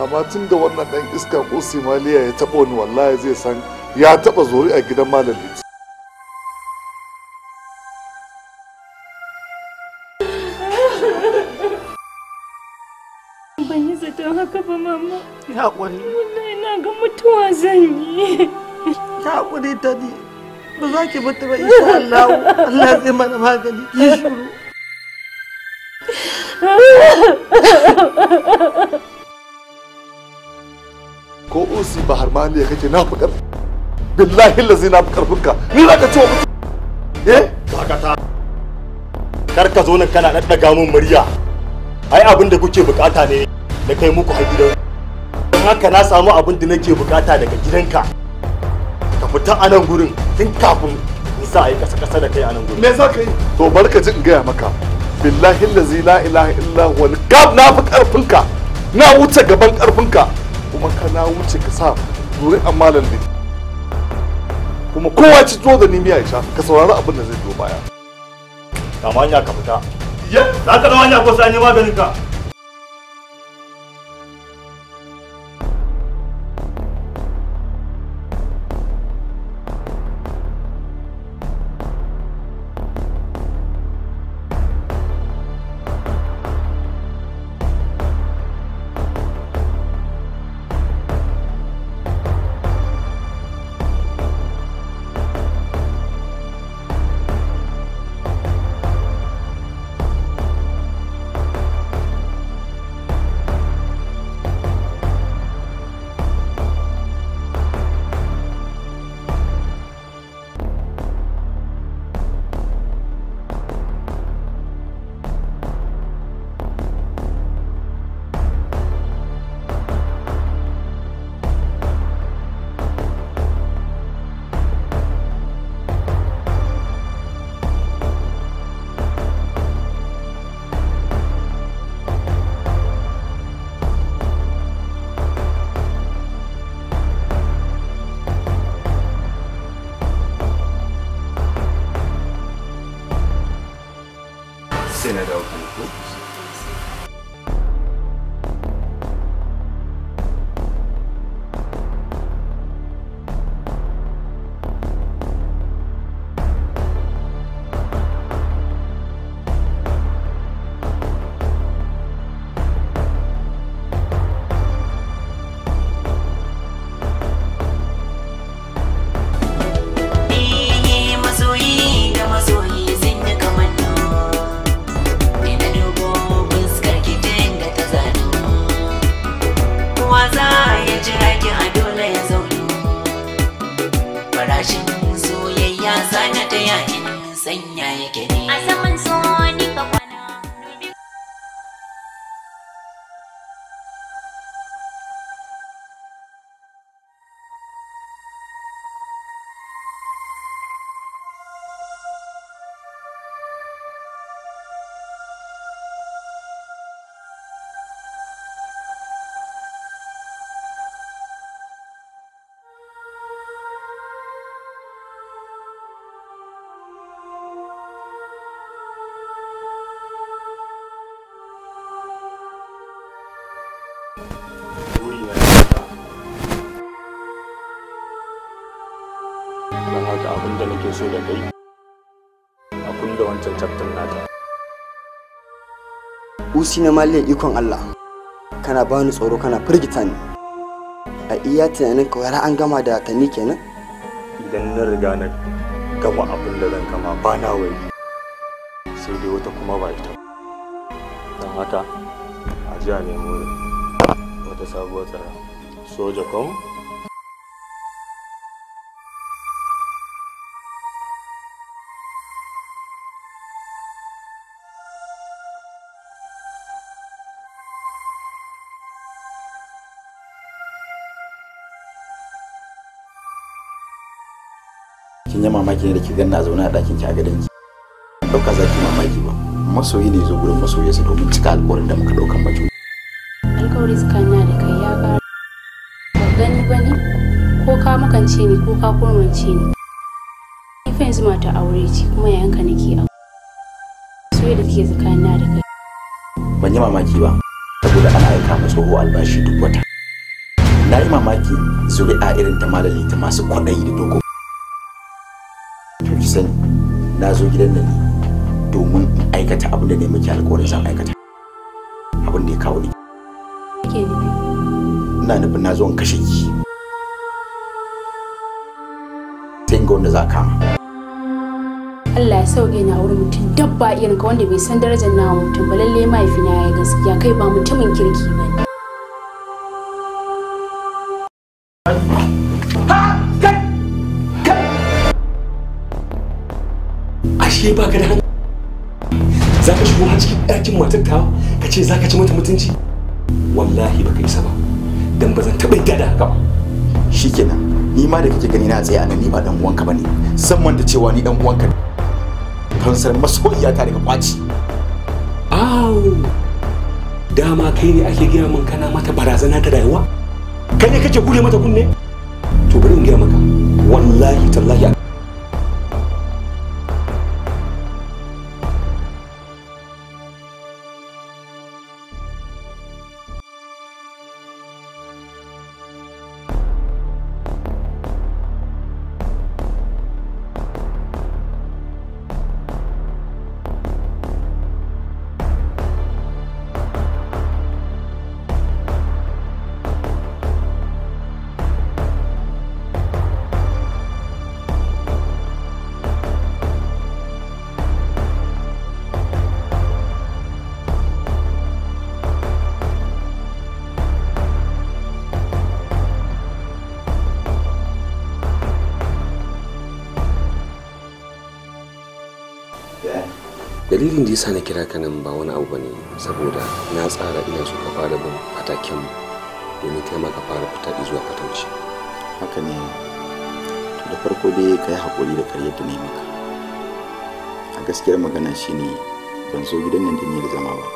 amma tun da wannan dan iska ko simaliya ya taba ni wallahi zai san ya taba zori a gidan malam ban yi zaton haka ne ba za ki mutu ba ko usi ba har ma ne kake na fukar billahi lazi na fukar karfin ni za ka ci wa mutum eh ta kar ka zo nan kana daddaga min murya ai abin da kuke bukata ne na kai muku har gidan don haka na samu abin da nake bukata daga gidanka ka fita a nan gurin tun kafin nisa a yi kasa kasa da kai a nan gurin me za ka yi to barka ji in gaya maka billahi lazi la ilaha illa huwa na fi karfin na wuce gaban karfinka kuma kana wuce ka sa duri a malam ne kuma kowa ci tuwo da nimiya ya sha ka saurari abin da zai zo baya kama hanya ka fita ya za ka da hanya ko sai an yi maganin ka don haka abin da nake so da kai a da wancan chapter nata usi na maliya ikon Allah kana bani tsoro kana firgita ni a iya tunanin ka har an gama da ni kenan idan na riga na gama abin da zan kama, ba na wai sai dai wata kuma ba ita don haka a jiya ne, mu wata sabuwar tsara soja kom mamaki ne da ke ganna zaune a ɗakin ki a gadon ki ɗauka za ki mamaki ba masoyi ne zo gurin masoyiyarsa domin cika alƙawarin da muka ɗaukan ba juna. alƙawari tsakanin da kai ya ƙara ba gani ba ne ko ka makance ni ko ka kurmance ni ni fa yanzu mata aure ce kuma yayanka nake a soyayya da ke tsakanin da kai ban yi mamaki ba saboda ana aika ma tsoho albashi duk wata na yi mamaki zuri'a irin ta malali ta masu kwaɗayi da dogo sani na zo gidan nan ne domin in aikata abin da ne muke alƙawarin zan aikata abin da ya kawo ni ke ina nufin na zo in kashe ki sai ga wanda za ka kama Allah ya sauke na wurin mutum dabba irin ka wanda bai san darajar na mutum ba lalle mahaifina ya gaskiya kai ba mutumin kirki ba ne ke ba ka da hankali za ka shigo a cikin ɗakin matar ka ka ce za ka ci mata mutunci wallahi baka isa ba dan ba zan taɓa yadda da haka ba shikenan ni ma da kake gani na tsaye a nan ni ba dan uwanka bane san da cewa ni dan uwanka ne. fansar masoyiya ta daga kwaci aw dama kai ne ake gina min kana mata barazana ta rayuwa kai ne kake gure mata kunne to bari in gaya maka wallahi tallahi dalilin da sa na kira ka nan ba wani abu ba ne saboda na tsara ina so ka fara bin matakin domin kai ka fara fita zuwa katauci. haka ne to da farko dai ka yi hakuri da karyar da nemi maka a gaskiyar magana shine ban zo gidan nan da niyyar zama ba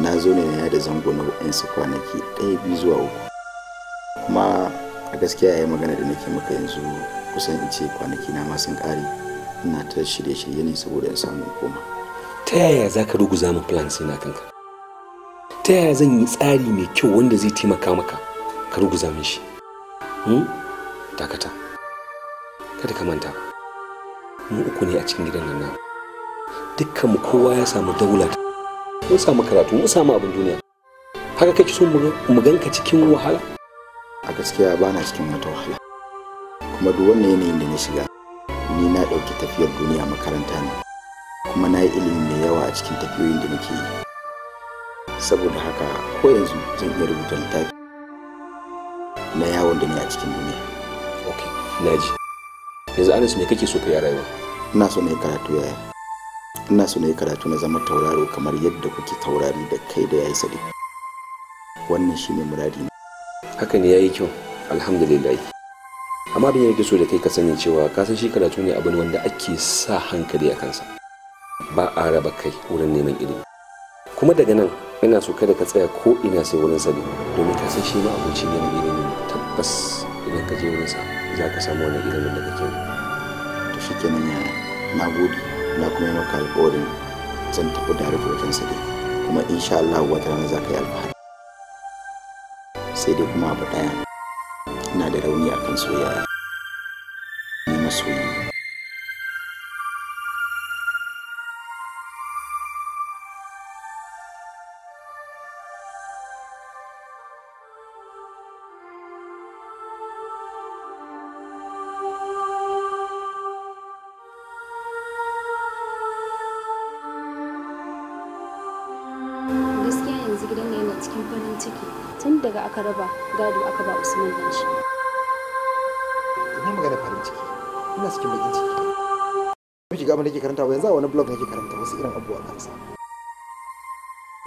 na zo ne na da zango na wa'ansu kwanaki ɗaya biyu zuwa uku kuma a gaskiya yayi magana da nake maka yanzu kusan in ce kwanaki na ma sun ƙare ina ta shirye-shirye ne saboda in samu koma ta yaya za ka ruguza min sai na kanka ta yaya zan yi tsari mai kyau wanda zai taimaka maka ka ruguza min shi hmm? dakata kada ka manta mu uku ne a cikin gidan nan namu dukkan mu kowa ya samu daula mun samu karatu mun samu abin duniya haka kake so mu ganka cikin wahala a gaskiya ba na cikin wata wahala kuma duk wannan yanayin da na shiga ni na ɗauki tafiyar duniya makaranta ne kuma na yi ilimi mai yawa a cikin tafiyoyin da muke yi saboda haka ko yanzu zan iya rubuta littafi na yawon da ni a cikin duniya ok naji yanzu anas me kake so ka yi rayuwa ina so na yi karatu yaya ina so na yi karatu na zama tauraro kamar yadda kuke taurari da kai da yayi sadi wannan shine muradi na haka ne yayi kyau alhamdulillah amma abin yake so da kai ka sani cewa ka san shi karatu ne abin wanda ake sa hankali a kansa ba a raba kai wurin neman ilimi kuma daga nan ina so kada ka tsaya ko ina sai wurin sani domin ka san shi ma abinci ne ilimi tabbas idan ka je wurin sa za ka samu wani ilimin da kake to shi nan ya na gode na kuma yi maka alƙawarin zan tafi da rufe wajen sani kuma insha Allah wata rana za ka yi alfahari sai dai kuma abu ɗaya ina da rauni akan soyayya ni masoyi tun daga aka raba gado aka ba usman dan shi ina magana farin ciki ina cikin bakin ciki miki ga abin nake ke karanta ba yanzu a wani blog nake karanta wasu irin abubuwa sa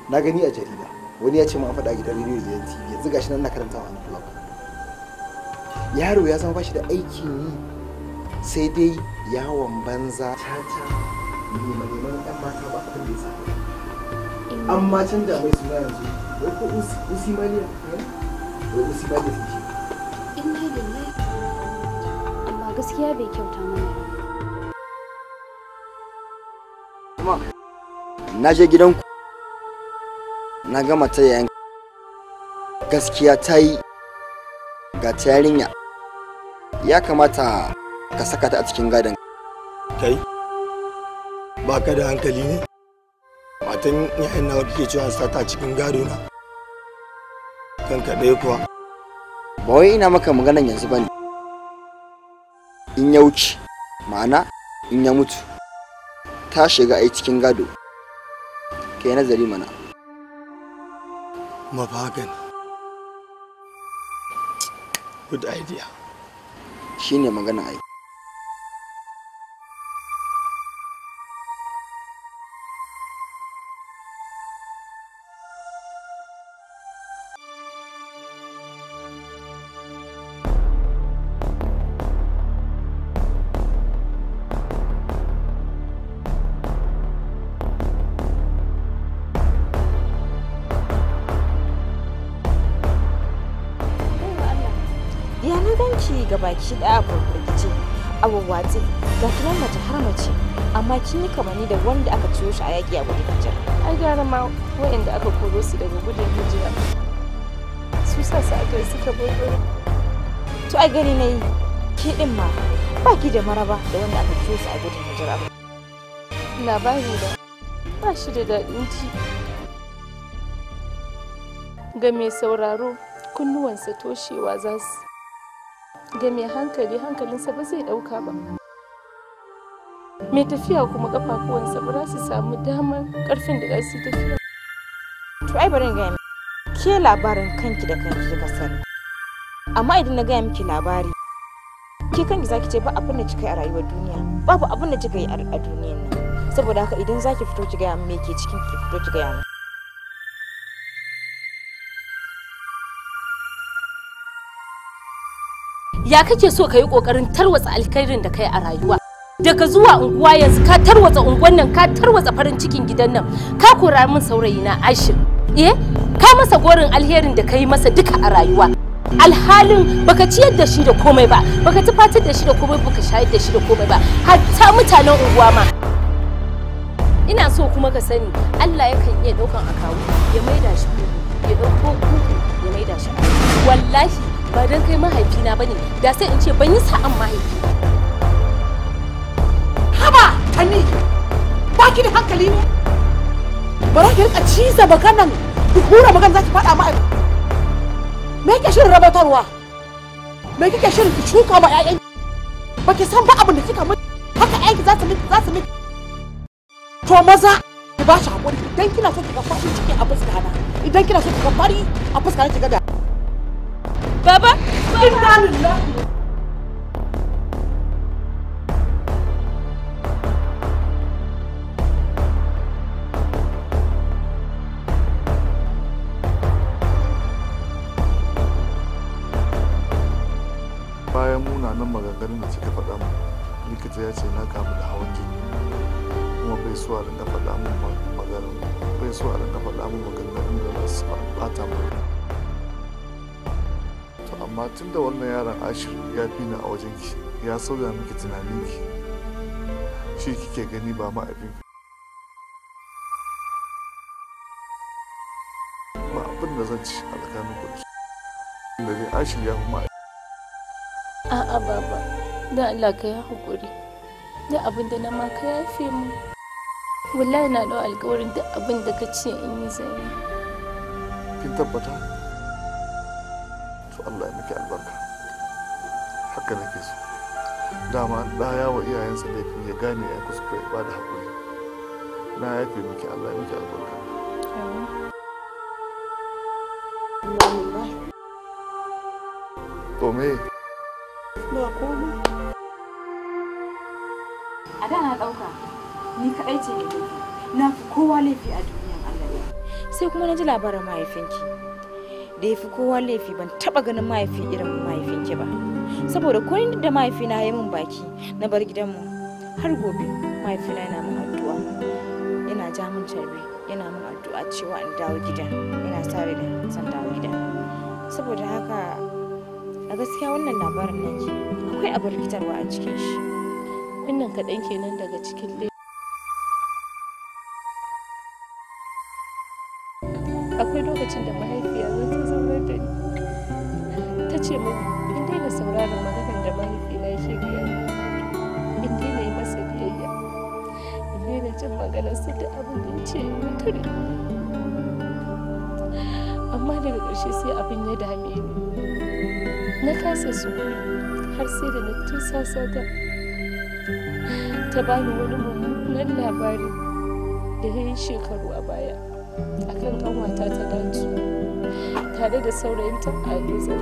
na gani a jarida wani ya ce mu an faɗa gidan rediyo da TV yanzu gashi nan na karanta a blog yaro ya zama bashi da aikin yi sai dai yawon banza caca neman neman ɗan mata ba kun da sa amma can da mai suna yanzu wai usi na je gidanku na gama ta yayin gaskiya ta yi ga tayarinya. ya kamata ka saka ta a cikin gadon kai ba ka da hankali ne fatan yayan nawa kike cewa sa ta cikin gado na kanka ɗaya kuwa ba wai ina maka maganan yanzu bane in ya wuce ma'ana in ya mutu ta shiga ai cikin gado kai nazari mana mafagan good idea shine magana ai baki daya a farfarkice a wawwatse ga kinan mace har mace amma kin yi kamani da wanda aka ciyo shi a yaƙi a gudun hijira ai gara ma waɗanda aka koro su daga gudun hijira su sa su aka suka barbaro to a gani na yi ke ɗin ma ba ki da maraba da wanda aka ciyo su a gudun hijira labari da ba shi da daɗin ci ga mai sauraro kunnuwansa toshewa za su ga mai hankali hankalinsa ba zai ɗauka ba mai tafiya kuma kafafuwansa ba za su samu damar ƙarfin da za su tafiya to ai bari gaya ke labarin kanki da kanki kika sani amma idan na gaya miki labari ke kanki zaki ce ba abin da kika yi a rayuwar duniya babu abin da kika yi a duniyar nan saboda haka idan zaki fito ki gaya me ke cikin ki fito ki gaya ya kake so ka yi kokarin tarwatsa alkhairin da kai a rayuwa daga zuwa unguwa yanzu ka tarwatsa unguwan nan ka tarwatsa farin cikin gidan nan ka kora min saurayi na ashir eh ka masa gorin alherin da ka yi masa duka a rayuwa alhalin baka ciyar da shi da komai ba baka tufatar da shi da komai baka shayar da shi da komai ba hatta mutanen unguwa ma ina so kuma ka sani Allah yakan iya daukan akawu ya maida shi ya dauko kuku ya maida shi wallahi ba don kai mahaifina ba ne da sai in ce ban yi sa'an mahaifi haba tani ba ki da hankali ne ba za ki rika ciza maganan ki hura magan za ki faɗa ma me kike shirin rabatarwa me kike shirin ki shuka ma 'ya'yan ba ki san ba abin da kika mun? haka 'ya'yanki za su miki za su miki to maza ki ba shi haƙuri idan kina so ki ga farin ciki a fuska na idan kina so ki ga fari a fuska ki ga da Baba! Inna lillahi! bayan munanan maganganun da suka faɗa mu likita ya ce na kamu da hawan jini kuma bai so a rinka faɗa mun maganganun bai so a rinka faɗa mun maganganun da za su ɓata mu amma tun da wannan yaron ashir ya fi ni a wajenki ya sauya miki tunaninki shi kike gani ba ma abin ba abin da zan ci a tsakanin ku da dai ashir ya fi ma a'a baba don Allah ka ya hakuri da abin da na ma ka fi mu wallahi na da alƙawarin da abin da ka ce in yi zai kin tabbata allah ya miki albarka haka nake so dama da yawa iyayensa laifin ya gane ya kuskure ba da haƙuri na yafe miki allah ya miki albarka to me ba komai a da na ɗauka ni kaɗai ce ne na fi kowa laifi a duniyan allah sai kuma na ji labarin mahaifinki da ya fi kowa laifi ban taba ganin mahaifi irin mahaifin ki ba saboda ko da mahaifina ya min baki na bar gidanmu har gobe mahaifina yana min addu'a yana ja min tarbe yana min addu'a cewa in dawo gida yana sa da zan dawo gida saboda haka a gaskiya wannan labarin nake akwai abar rikitarwa a cikin shi wannan kaɗan kenan daga cikin akwai lokacin da mahaifiyar da ta ce mu in daina sauraron maganar da mahaifina yake biya in daina yi masa biyayya in daina jin su da abin da ya ce mutane amma daga ƙarshe sai abin ya dame ni na kasa su har sai da na tursasa ta ta bani wani mummunan labari da ya yi shekaru a baya akan kanwata ta dace tare da saurayinta a dutsen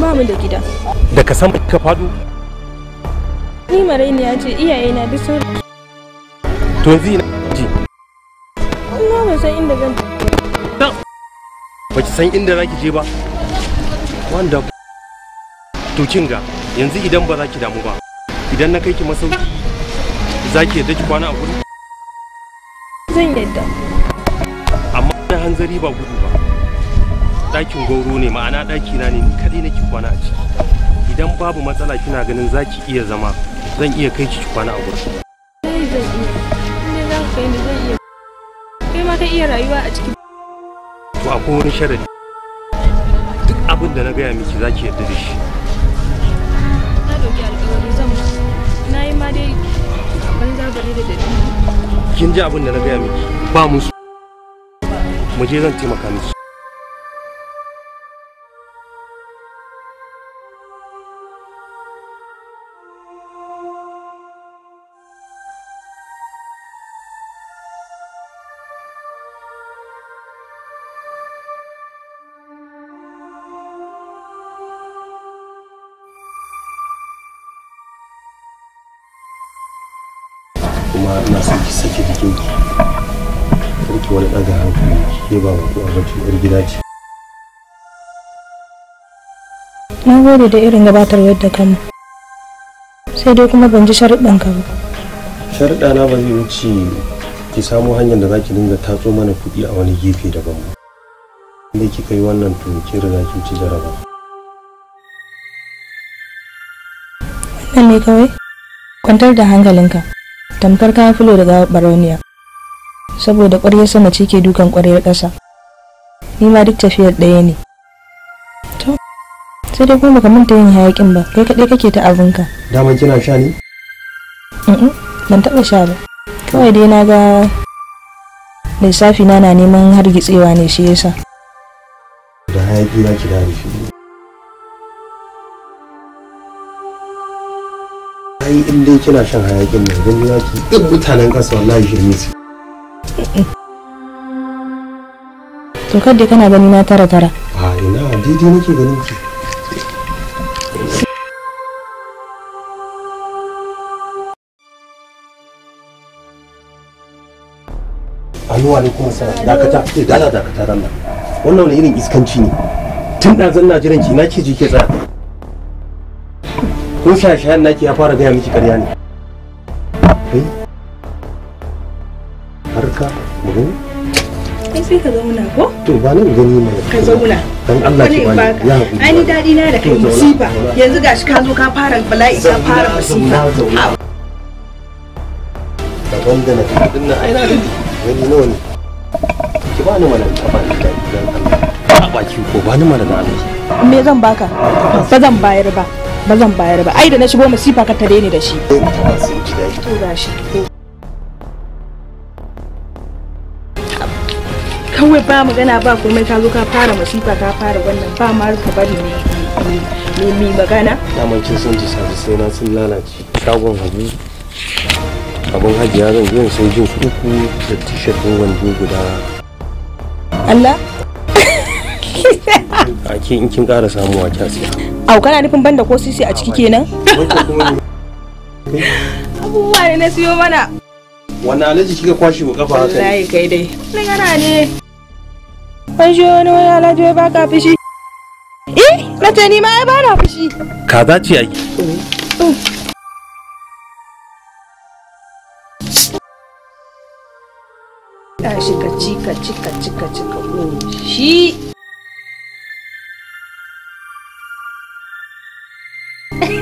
ba mu da gida Da ka san ka faɗo? ni ya ce iyaye na bi sun to yanzu ina ji Allah ba san inda zan ta ba ki san inda zaki je ba wanda to ga yanzu idan ba za ki damu ba idan na kai ki masauki za ki yadda ki kwana a gudu zan yadda amma da hanzari ba gudu dakin goro ne ma'ana daki na ne ni kaɗai nake kwana a ciki idan babu matsala kina ganin za ki iya zama zan iya kai ki kwana a gurin. Kai ma ka iya rayuwa a cikin. To akwai wani sharadi. Duk abin da na gaya miki za ki yarda da shi. Na ɗauki zan yi ma dai banza da Kin ji abin da na gaya miki ba musu. Mu je zan taimaka miki. kuma ina son ki sake jikin ba kuwa na gode da irin gabatar yadda kama sai dai kuma ban ji sharuɗan ba sharuɗa na ba zai wuce ki samo hanyar da za ki dinga tatso mana kuɗi a wani gefe daban ba inda kika yi wannan to ki riga ci jaraba wannan ne kawai kwantar da hankalinka tamkar kayan fulo daga barauniya saboda ƙwaryar sama ce ke dukan ƙwaryar ƙasa ni ma duk tafiyar ɗaya ne to sai dai kuma ka manta yin hayaƙin ba kai kaɗai kake ta abinka dama kina sha ne ban taɓa sha ba kawai dai na ga lissafi na na neman hargitsewa ne shi yasa da hayaƙi na ki da shi ai in dai kina shan hayakin nan gani za ki duk mutanen ƙasa wallahi shirme su to kada kana gani na tara tara a ina daidai nake ganin ki anuwa ne kuma sana dakata da eh, dala dakata ran nan wannan wani irin iskanci ne tun ɗazan na jiran ki na ce ji ke tsaya in shashayen naki ya fara gaya miki karya ne kai harka mu kai sai ka zauna ko to ba nan gani mai ka zauna dan Allah ki bani ya hakuri ai ni dadi na da kai musiba yanzu gashi ka zo ka fara bala'i ka fara musiba da na fi din nan ai na da wani nawa ne ki bani mana ka bani dan Allah ba ki ko bani mana da Allah me zan baka ba zan bayar ba ba zan bayar ba ai da na shigo masifa ka tare ni da eh, shi kawai ba magana ba komai ka zo ka fara masifa ka fara wannan ba ma ka bari ne ne mi magana daman cin sun ji sai na sun lalace shagon hagu abun hajiya zan yin sai jin uku da t-shirt din wando guda Allah a in kin kara samuwa kyasiya Au kana nufin banda ko sisi a ciki kenan? Abubuwa ne na siyo mana. Wani alaji kika kwashe wa kafa haka? Wallahi kai dai. Na gara ne. An shi wani wani alaji ya baka fushi. Eh, na ce ni ma ai bana fushi. Ka za ci ai. Tashi ka ci ka ci ka shi.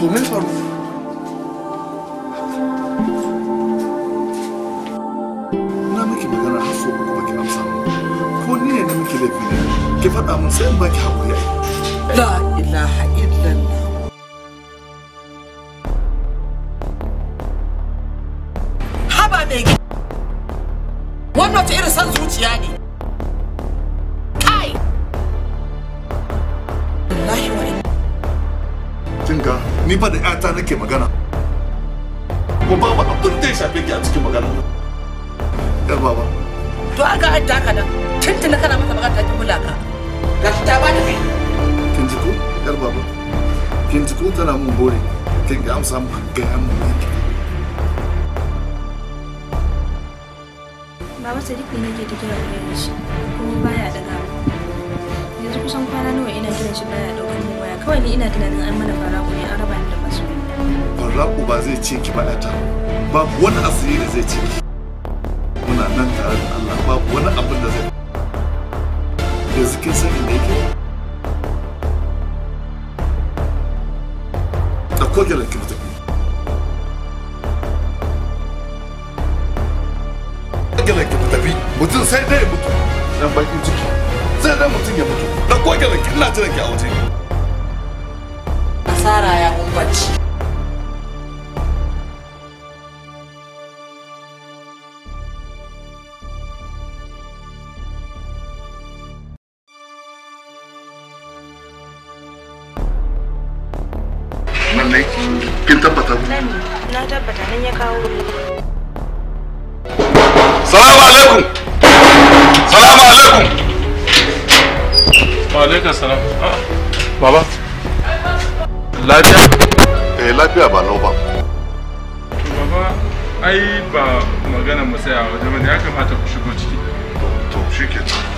domin tsaro na miki magana har so kuma ki amsa ko ni ne na miki laifi ne ki faɗa min sai in ki haƙuri ai la ilaha illallah haba mai wannan ta irin san zuciya ne ni fa da ƴata nake magana ko babu abin da ya shafe ki a cikin magana yar baba to a ga hajji haka nan tuntun kana mata magana ta ki k'a ga ta ba da kai kin ji ko yar baba kin ji ko tana mun bore kin ga amsa mu ga yan mu Baba Sadiq ne ke ta ne shi kuma baya daga yanzu kusan kwana nawa ina kiran shi baya daukar kawai ni ina tunanin an mana faraku ne an raba ni da masu faraku ba zai ce ki ba babu wani asiri da zai ce ki muna nan tare da Allah babu wani abin da zai yanzu kin san inda yake da kogelar ki mutum tafi mutum sai dai ya mutu dan bakin ciki sai dai mutum ya mutu dan ko gyalanki ina jiran ki a waje bacci ya salamu alaikum salamu alaikum wa alaikum salam ah. baba lafiya eh lafiya ba lau ba baba ai ba magana mu tsaya wajen ya kamata ku shigo ciki to ke ta.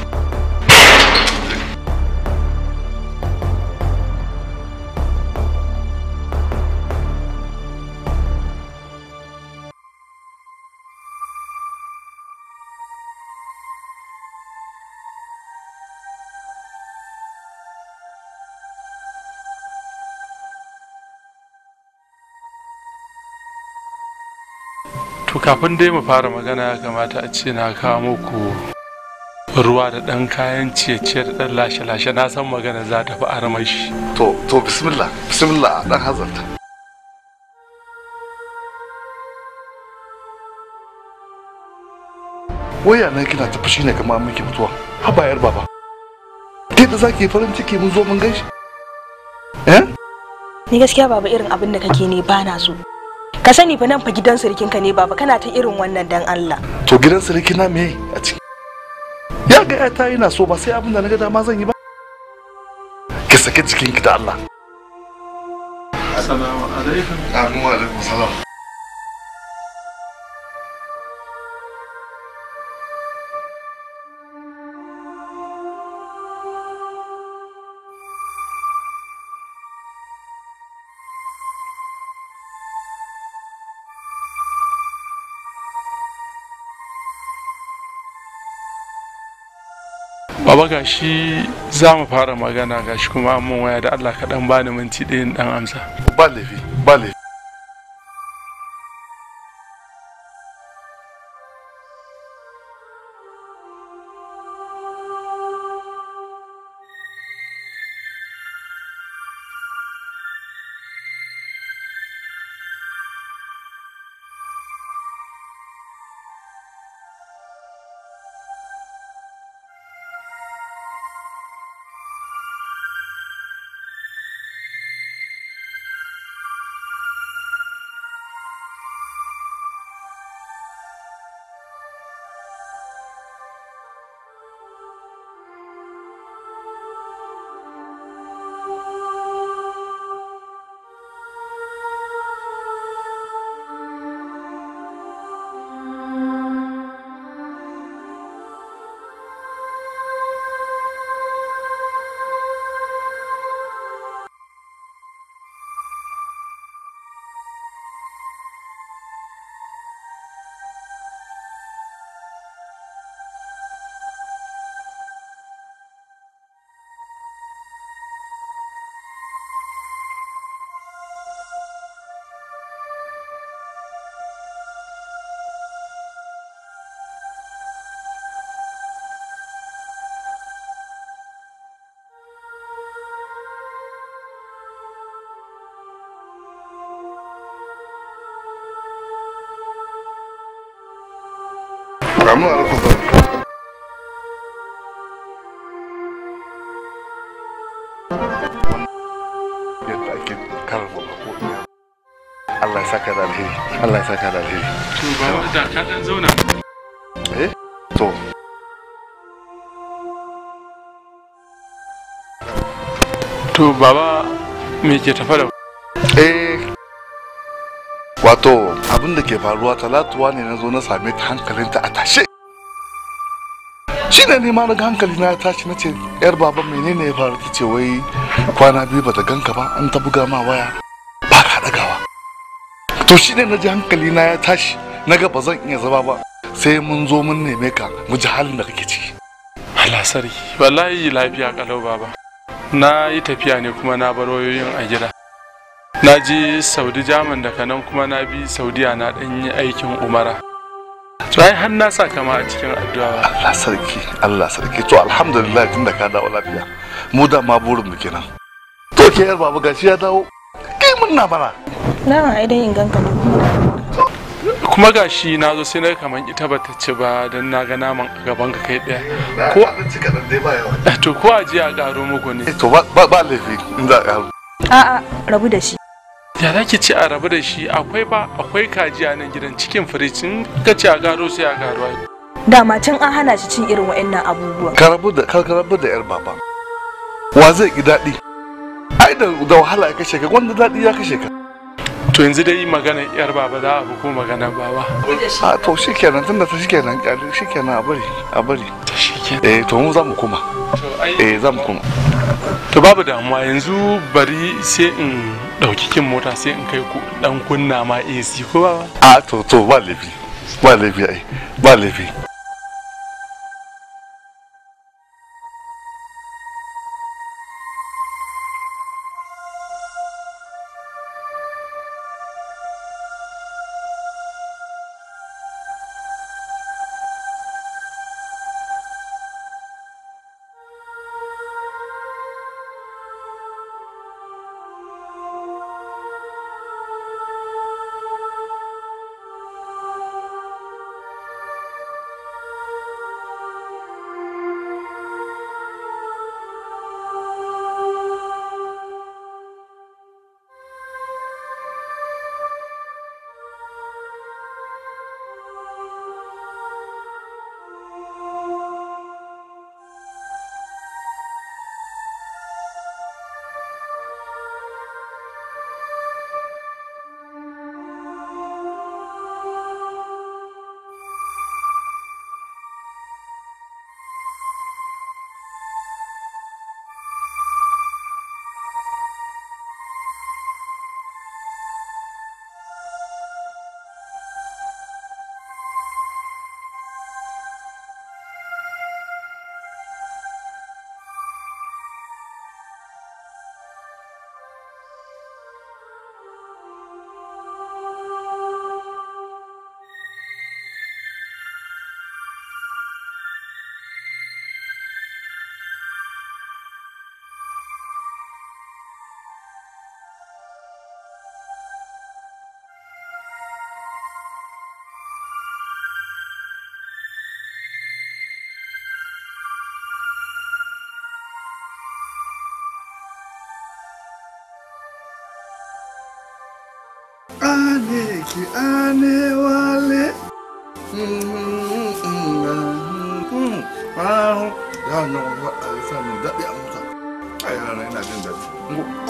kafin dai mu fara magana ya kamata a ce na kawo muku ruwa da ɗan kayan ciye-ciye da ɗan lashe-lashe na san magana za ta fi armashi to to bismillah bismillah ɗan hazarta waya na kina ta fushi ne kamar muke mutuwa ha bayar baba ke da zaki farin ciki mun zo mun gaishe eh ni gaskiya baba irin abin da kake ne ba na so ka sani fa nan fa gidan sarkin ka ne baba kana ta irin wannan dan Allah to gidan sarki na me a ciki ya ga ta ina so ba sai abin da na ga dama zan yi ba ki sake jikin ki da Allah assalamu alaikum alaikum salam ga gashi za mu fara magana gashi kuma mun waya da Allah kaɗan bani minti ɗayan ɗan amsa ba laifi ba laifi salamu alaikum Allah saka da alheri Allah saka da alheri to baba da ka dan zauna eh to baba me ke wato abin da ke faruwa talatuwa ne na zo na same ta ta a tashe shi ne ma na hankali na tashi na ce yar baba menene ya faru ta ce wai kwana biyu bata ganka ba an ta buga ma waya ba ka dagawa to shi na ji hankali na ya tashi na ga ba zan iya zama ba sai mun zo mun neme ka mu ji halin da kake ciki alasari wallahi lafiya kalau baba na yi tafiya ne kuma na bar wayoyin a gida na ji saudi jaman daga nan kuma na bi saudiya na ɗan yi aikin umara to ai har na sa kama a cikin addu'a Allah sarki Allah sarki to alhamdulillah tun da ka dawo lafiya mu da ma burin mu kenan to ke yar babu gashi ya dawo kai mun na bara na ai dan in ganka kuma gashi na zo sai na kaman ita bata ci ba dan na ga naman a gaban ka kai daya ko abinci kadan dai ba yawa eh to ko ji a karo muku ne eh to ba ba laifi in za ka a'a rabu da shi ya za ki ci a rabu da shi akwai ba akwai kaji a nan gidan cikin firicin ka ci a gado sai a gado dama can an hana shi cin irin wa'annan abubuwa ka rabu da ka rabu da yar baba wa zai ki daɗi ai da da wahala ya kashe ka wanda daɗi ya kashe ka to yanzu dai magana yar baba za a bi ko magana baba a to shikenan tunda ta shikenan shikenan a bari a bari eh to mu za mu kuma. eh za mu kuma. to babu damuwa yanzu bari sai in dauki kin mota sai in kai ku dan kunna ma AC ko ba? A to to ba lafi ba lafi ai ba lafi ane ki ane wale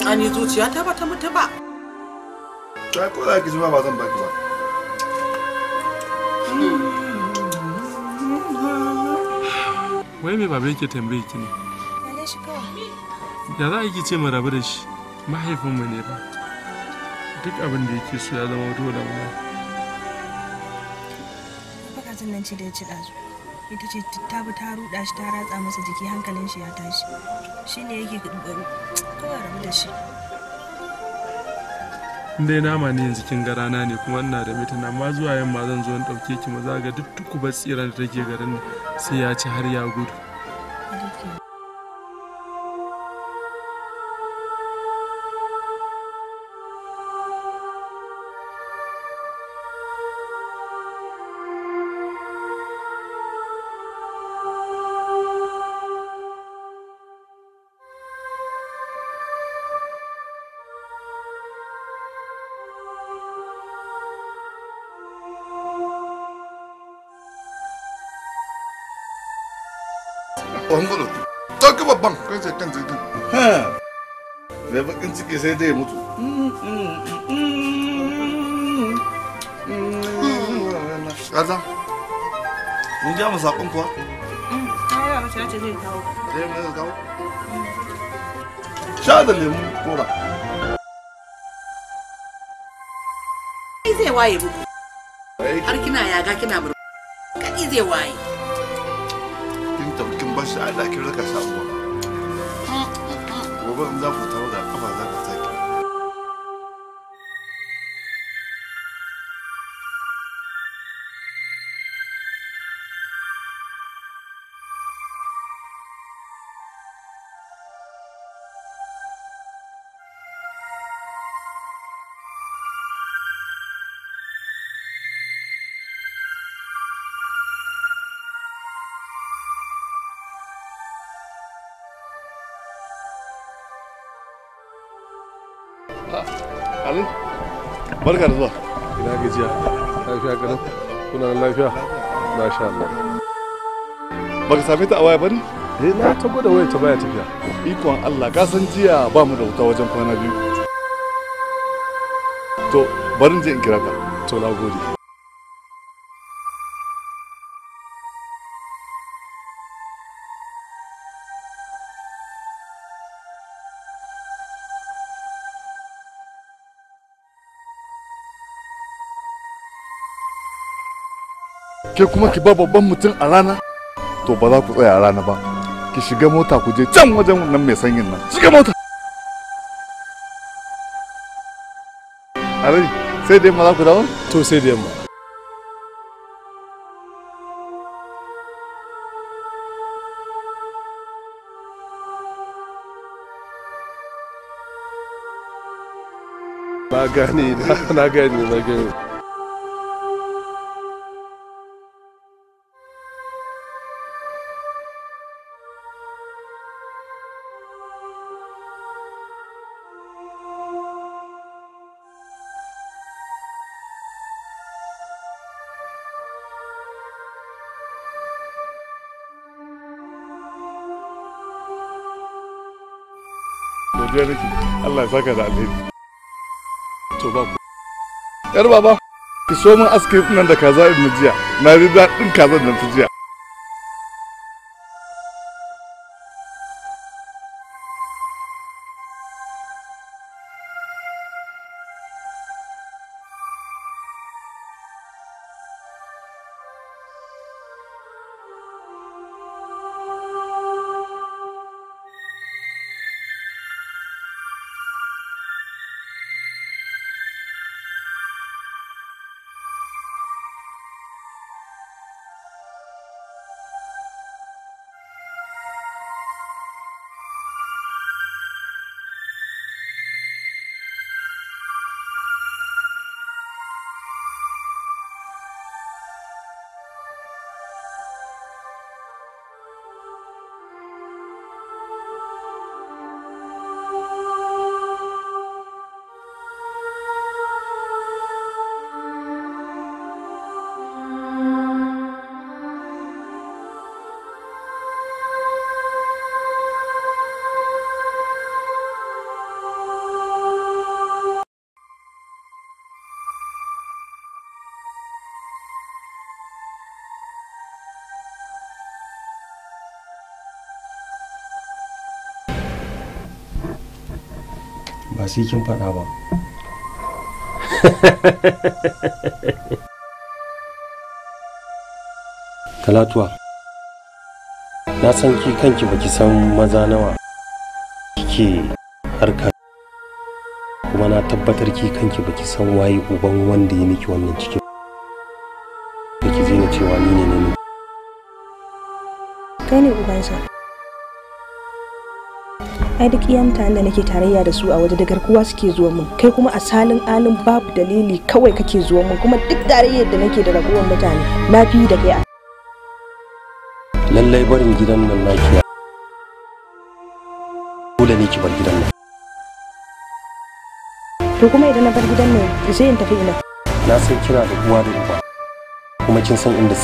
an yi zuciya ta ba ta mutu ba ta ko za ki ba zan baki ba wai me baban ke tambaye ki ne ya za a yi ce mu rabu da shi mahaifinmu ne ba duk abin da yake su ya zama dole mu bakatun nan ce da ya ci ɗazu ita ce ta bi ta ruɗa shi ta ratsa masa jiki hankalin shi ya tashi shi ne yake ƙoƙari kawai rabu da shi dai nama ne yanzu kin ga rana ne kuma ina da mitin amma zuwa yamma zan zo in ɗauke ki maza ga duk tukubar tsiran da take garin sai ya ci har ya gudu ɓangalo ta babban kai sai kan zai bakin ciki sai e mutu kaza mun ja kuwa sha da kora zai waye buku har kina yaga kina buru zai waye ba shi Allah ki rika sa mm, mm, mm. gobe in za ku tawo alin barka da zuwa ina gajiya lafiya kana kuna lafiya masha Allah baka same ta a waya bane eh na ta gode waya ta baya tafiya ikon Allah ka san jiya ba mu da wuta wajen kwana biyu to barin je in kira ka to na gode ke kuma ki ba babban mutum a rana to ba za ku tsaya a rana ba ki shiga mota ku je can wajen nan mai sanyin nan shiga mota Alhaji sai dai ma za ku dawo? To sai dai ma Na gani na gani na gani godiya nake Allah ya saka da alheri to ba ku yar baba ki so min askin nan da kaza ibn jiya na ji daɗin kazan nan jiya sai kin faɗa ba talatuwa na san ki kanki baki san maza nawa kike harka kuma na tabbatar ki kanki baki san waye uban wanda ya miki wannan cikin da zina cewa ni ne ne kai ne ubansa ai duk iyan mutanen da nake tarayya da su a waje da garkuwa suke zuwa mun kai kuma a salin alin babu dalili kawai kake zuwa mun kuma duk tarayyar da nake da ragowar mutane na fi da kai a lallai barin gidan nan naki dole ne ki bar gidan nan to kuma idan na bar gidan nan sai in tafi ina na san kira da uwa da uba kuma kin san inda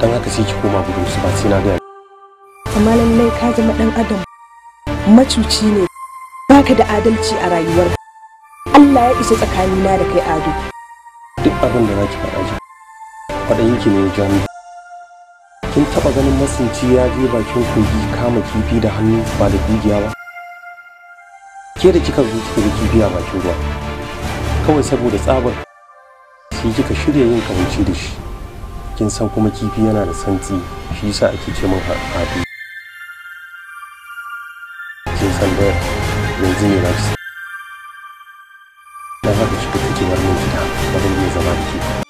don haka sai ki koma gudu su ba sai na ga amma lallai ka zama dan adam macuci ne baka da adalci a rayuwar Allah ya isa tsakanina da kai ado duk abin da zaki faɗa ji faɗa ki ne jan kin taɓa ganin masunci ya je bakin kogi kama kifi da hannu ba da dukiya ba ke da kika zo kika kifi a bakin ruwa kawai saboda tsabar shi kika shirya yin kawanci da shi kin san kuma kifi yana da santsi shi yasa ake ce min haɗu by Benzini Life nawet w szpytycie Marmucina, podobnie zawarci.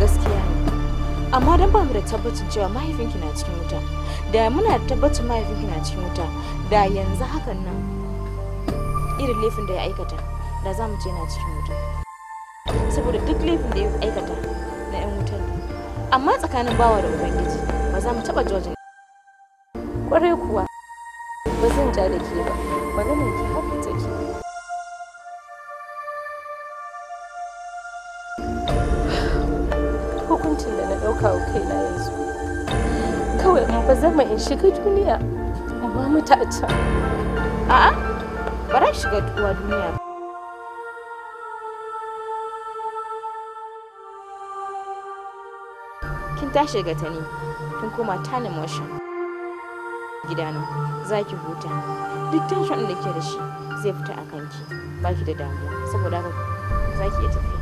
gaskiya ne amma dan ba mu da tabbacin cewa mahaifinki na cikin wuta da muna da tabbacin mahaifinki na cikin wuta da yanzu hakan nan irin laifin da ya aikata da za mu ce na cikin wuta saboda duk laifin da ya aikata na yan wuta ne amma tsakanin bawa da ubangiji ba za mu taba jojin kwarai kuwa ba zan ja da ke ba maganar ke. mutum da na ɗauka wa na yanzu kawai in ba zama in shiga duniya in ba mata a can a'a ba za shiga duwa duniya ba kin tashi daga ne kin koma ne motion gidana za ki huta duk tension da ke da shi zai fita a kanki ba ki da damuwa saboda haka za ki iya tafiya